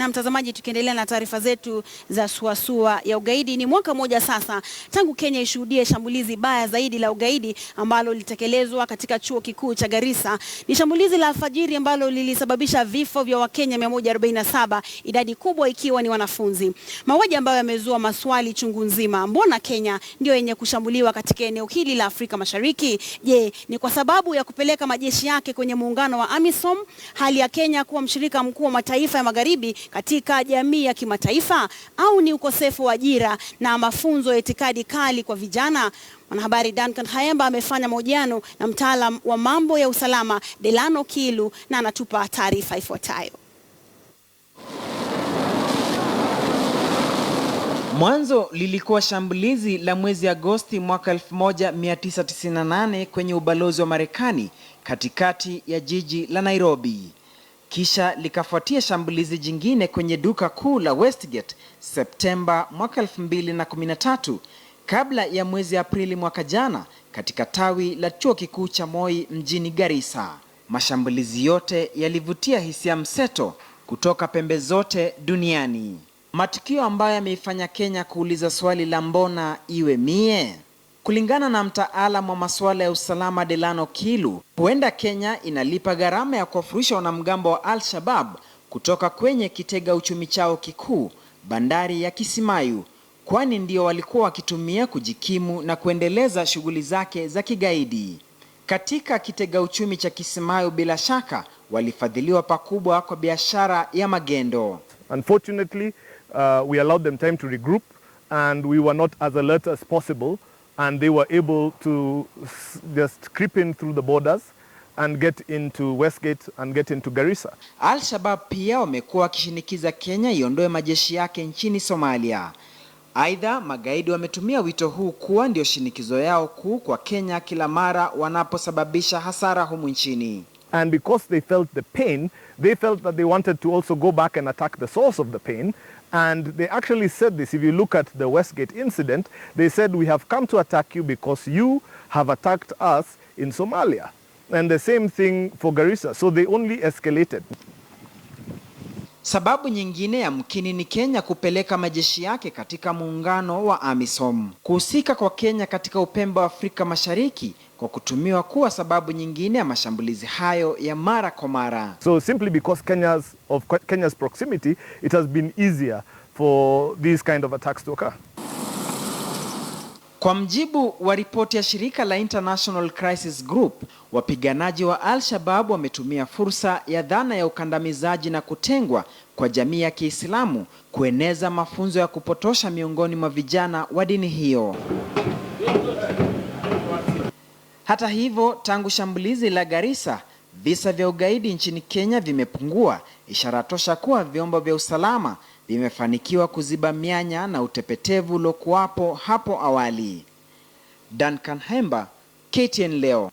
Na mtazamaji, tukiendelea na taarifa zetu za suasua ya ugaidi, ni mwaka mmoja sasa tangu Kenya ishuhudie shambulizi baya zaidi la ugaidi ambalo lilitekelezwa katika chuo kikuu cha Garissa. Ni shambulizi la alfajiri ambalo lilisababisha vifo vya Wakenya 147, idadi kubwa ikiwa ni wanafunzi. Mauaji ambayo yamezua maswali chungu nzima. Mbona Kenya ndio yenye kushambuliwa katika eneo hili la Afrika Mashariki? Je, ni kwa sababu ya kupeleka majeshi yake kwenye muungano wa AMISOM, hali ya Kenya kuwa mshirika mkuu wa mataifa ya magharibi katika jamii ya kimataifa au ni ukosefu wa ajira na mafunzo ya itikadi kali kwa vijana? Mwanahabari Duncan Hayemba amefanya mahojiano na mtaalam wa mambo ya usalama Delano Kilu na anatupa taarifa ifuatayo. Mwanzo lilikuwa shambulizi la mwezi Agosti mwaka 1998 kwenye ubalozi wa Marekani katikati ya jiji la Nairobi kisha likafuatia shambulizi jingine kwenye duka kuu la Westgate Septemba mwaka 2013 kabla ya mwezi Aprili mwaka jana katika tawi la chuo kikuu cha Moi mjini Garissa. Mashambulizi yote yalivutia hisia mseto kutoka pembe zote duniani, matukio ambayo yameifanya Kenya kuuliza swali la mbona iwe mie? Kulingana na mtaalamu wa masuala ya usalama Delano Kilu, huenda Kenya inalipa gharama ya kuwafurisha wanamgambo wa Al-Shabab kutoka kwenye kitega uchumi chao kikuu, bandari ya Kisimayu, kwani ndio walikuwa wakitumia kujikimu na kuendeleza shughuli zake za kigaidi. Katika kitega uchumi cha Kisimayu, bila shaka walifadhiliwa pakubwa kwa biashara ya magendo. Unfortunately, uh, we allowed them time to regroup and we were not as alert as possible and they were able to just creep in through the borders and get into Westgate and get into Garissa. Al-Shabaab pia wamekuwa wakishinikiza Kenya iondoe majeshi yake nchini Somalia. Aidha, magaidi wametumia wito huu kuwa ndio shinikizo yao kuu kwa Kenya kila mara wanaposababisha hasara humu nchini. And because they felt the pain, they felt that they wanted to also go back and attack the source of the pain. And they actually said this. If you look at the Westgate incident, they said, We have come to attack you because you have attacked us in Somalia. And the same thing for Garissa. So they only escalated. Sababu nyingine ya mkini ni Kenya kupeleka majeshi yake katika muungano wa AMISOM. Kuhusika kwa Kenya katika upembe wa Afrika Mashariki kwa kutumiwa kuwa sababu nyingine ya mashambulizi hayo ya mara kwa mara. So simply because Kenya's, of Kenya's proximity, it has been easier for these kind of attacks to occur. Kwa mjibu wa ripoti ya shirika la International Crisis Group, wapiganaji wa Al-Shabaab wametumia fursa ya dhana ya ukandamizaji na kutengwa kwa jamii ya Kiislamu kueneza mafunzo ya kupotosha miongoni mwa vijana wa dini hiyo. Hata hivyo, tangu shambulizi la Garissa, visa vya ugaidi nchini Kenya vimepungua, ishara tosha kuwa vyombo vya usalama vimefanikiwa kuziba mianya na utepetevu uliokuwapo hapo awali. Duncan Hemba, KTN leo.